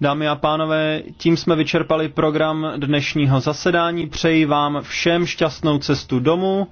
Dámy a pánové, tím jsme vyčerpali program dnešního zasedání. Přeji vám všem šťastnou cestu domů.